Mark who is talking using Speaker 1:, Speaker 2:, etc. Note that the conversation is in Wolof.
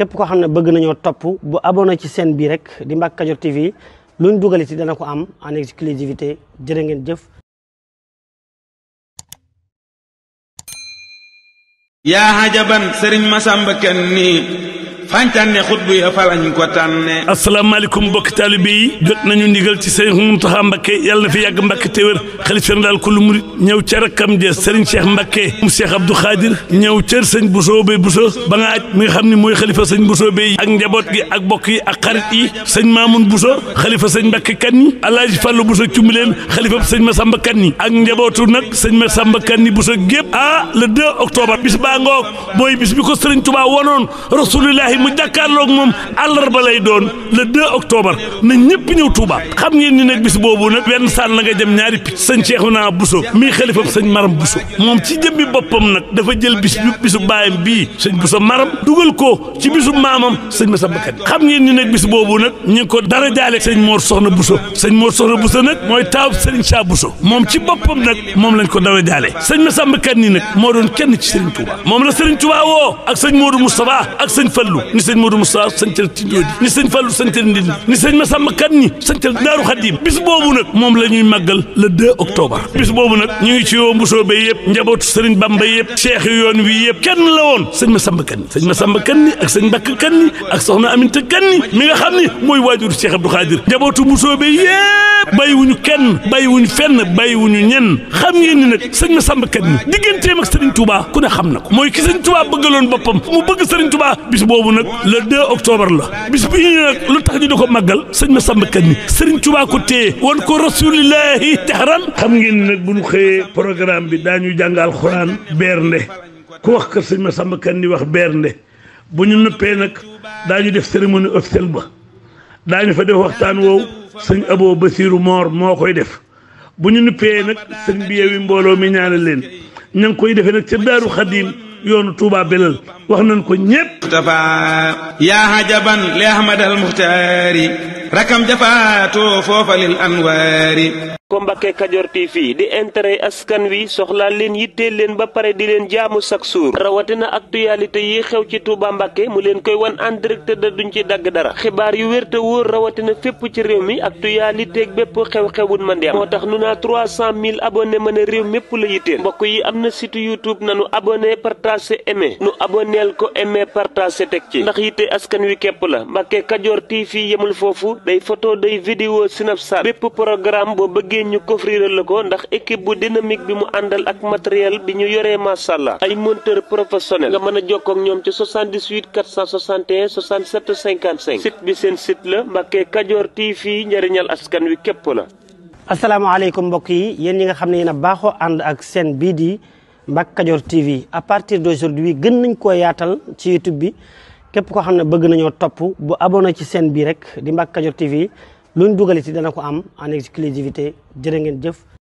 Speaker 1: képp koo xam ne bëgg nañoo topp boo abonné ci chaîne bi rek di Mbacke Kadior TV luñ dugal ci dana ko am en exclusivité jërë ngeen jëf yaa xajaban sëriñ Masamba Kanni
Speaker 2: fañtànne xutbu ya fa lañ ko tànne asalaamaaleykum mbokki taalibe yi jot nañu ndigal ci sëriñ Muntaxa Mbakke yàlla na fi yàgg Mbakke te wér xalif général ku lu murit ñëw ca rakkam ja sëriñ Cheikh Mbakke mu Cheikh Abdou Khadir ñëw cër sëñ Bousso Bey Bousso ba nga aj mi nga xam ni mooy xalifa sëñ Bousso Bey ak njaboot gi ak bokk yi ak xarit yi sëñ Mamoun Bousso xalifa sëñ Mbakke Kanni Alaaji Fàllu Bousso cumbaleen xalifa sëñ Masamba Kanni ak njabootu nag sëñ Masamba Kanni Bousso gépp ah le 2 octobre bis baa ngoog mooy bis bi ko sëriñ mu jàkkaarloog moom àllarba lay doon le 2 octobre na ñëpp ñëw Touba xam ngeen ni nag bis boobu nag wenn sàll la nga jëm ñaari picc sëñ Cheikhouna Bousso mii xalifam sëñ Maram Bousso moom ci jëmmi boppam nag dafa jël bis bi baayam bii sëñ buso Maram dugal ko ci bisu maamam sëñ Massa Bakkat xam ngeen ni nag bis boobu nag ñu ngi ko dara jaale sëñ moor Soxna Bousso sëñ Mor Soxna Bousso nag mooy taaw sëñ Saa Bousso moom ci boppam nag moom lañ ko dara jaale sëñ Massa Bakkat nii nag moo doon kenn ci moom la sëriñ Touba woo ak sëñ Modou Moustapha ak sëñ Fallou ni sëñ Modou Moussa sancal Tindodi ni sëñ Fallou sancal Ndindi ni sëñ Massamba Kan ni sancal Daaru Xadim bis boobu nag moom la ñuy màggal le 2 bis boobu nag ñu ngi ci yoo Mbusoo ba yëpp njabootu sëriñ Bamba yëpp cheikh yoon wi yëpp kenn la woon sëñ Massamba Kan ni sëñ Massamba Kan ni ak sëñ Mbàkke Kan ni ak soxna Aminta Kan ni mi nga xam ni mooy waajuru Cheikh Abdou Khadir njabootu Mbusoo ba bàyyiwuñu kenn bàyyiwuñu fenn ñu ñenn xam ngeen ni nag sëñ Massamba Kanni digganteem ak Serigne Touba ku ne xam na ko mooy ki sëñ Touba bëggaloon boppam mu bëgg Serigne Touba bis boobu nag le 2 octobre la bis bi ñu nag tax di ko màggal sëñ Massamba Kanni Serigne Touba ko téye wan ko rasulillahi tahran xam ngeen ni nag bu ñu xëyee programme bi daañu jàngal xuraan bernde ku wax kër sëñ Massamba Kanni wax bernde bu ñu nëppee nag daañu def cérémonie officielle ba daañu fa def waxtaan woowu. sëñ aboo basiiru moor moo koy def bu ñu nuppee nag sëñ bi yewi mbooloo mi ñaane leen ña ngi koy defee nag ca daaru xadim yoonu Touba Belal wax nañ ko ñépp. Mustafa
Speaker 3: ya hajaban li Ahmad al Muxtaari rakam jafaatoo foofa lil anwaari ko Mbacke Kadior TV di intérêt askan wi soxlaa leen yitteel leen ba pare di leen jaamu chaque jour rawatina actualité yi xew ci Touba Mbacke mu leen koy wan en direct da duñ ci dagg dara xibaar yu wér te wóor rawatina fépp ci réew mi ak actualité ak bépp xew-xewun man di moo tax nu naa 300000 abonné mën a réew mépp la yitteel mbokk yi am na site YouTube nanu abonné partagé aimé nu abonneel ko aimé partagé teg ci ndax yitte askan wi képp la Mbacke Kadior TV yemul foofu day photo day vidéo Snapchat bépp programme boo bëggee ñu coffriral la ko ndax équipe bu dynamique bi mu àndal ak matériel bi ñu yoree masàllaa ay monteur professionnel nga mën a jokkoo ñoom ci 78 461 67 55 site bi seen site la Mbacke Kadior TV njariñal askan wi képp la
Speaker 1: asalaamaaleykum mbokk yi yéen yi nga xam ne yéen baaxoo ànd ak seen bii di Mbacke Kadior TV à partir d'aujourd'hui gën nañ ko yaatal ci YouTube bi képp koo xam ne bëgg nañoo topp bu abonné ci chaîne bii rek di Mbacke Kadior TV luñ dugal ci dana ko am en exclusivité jërë ngeen jëf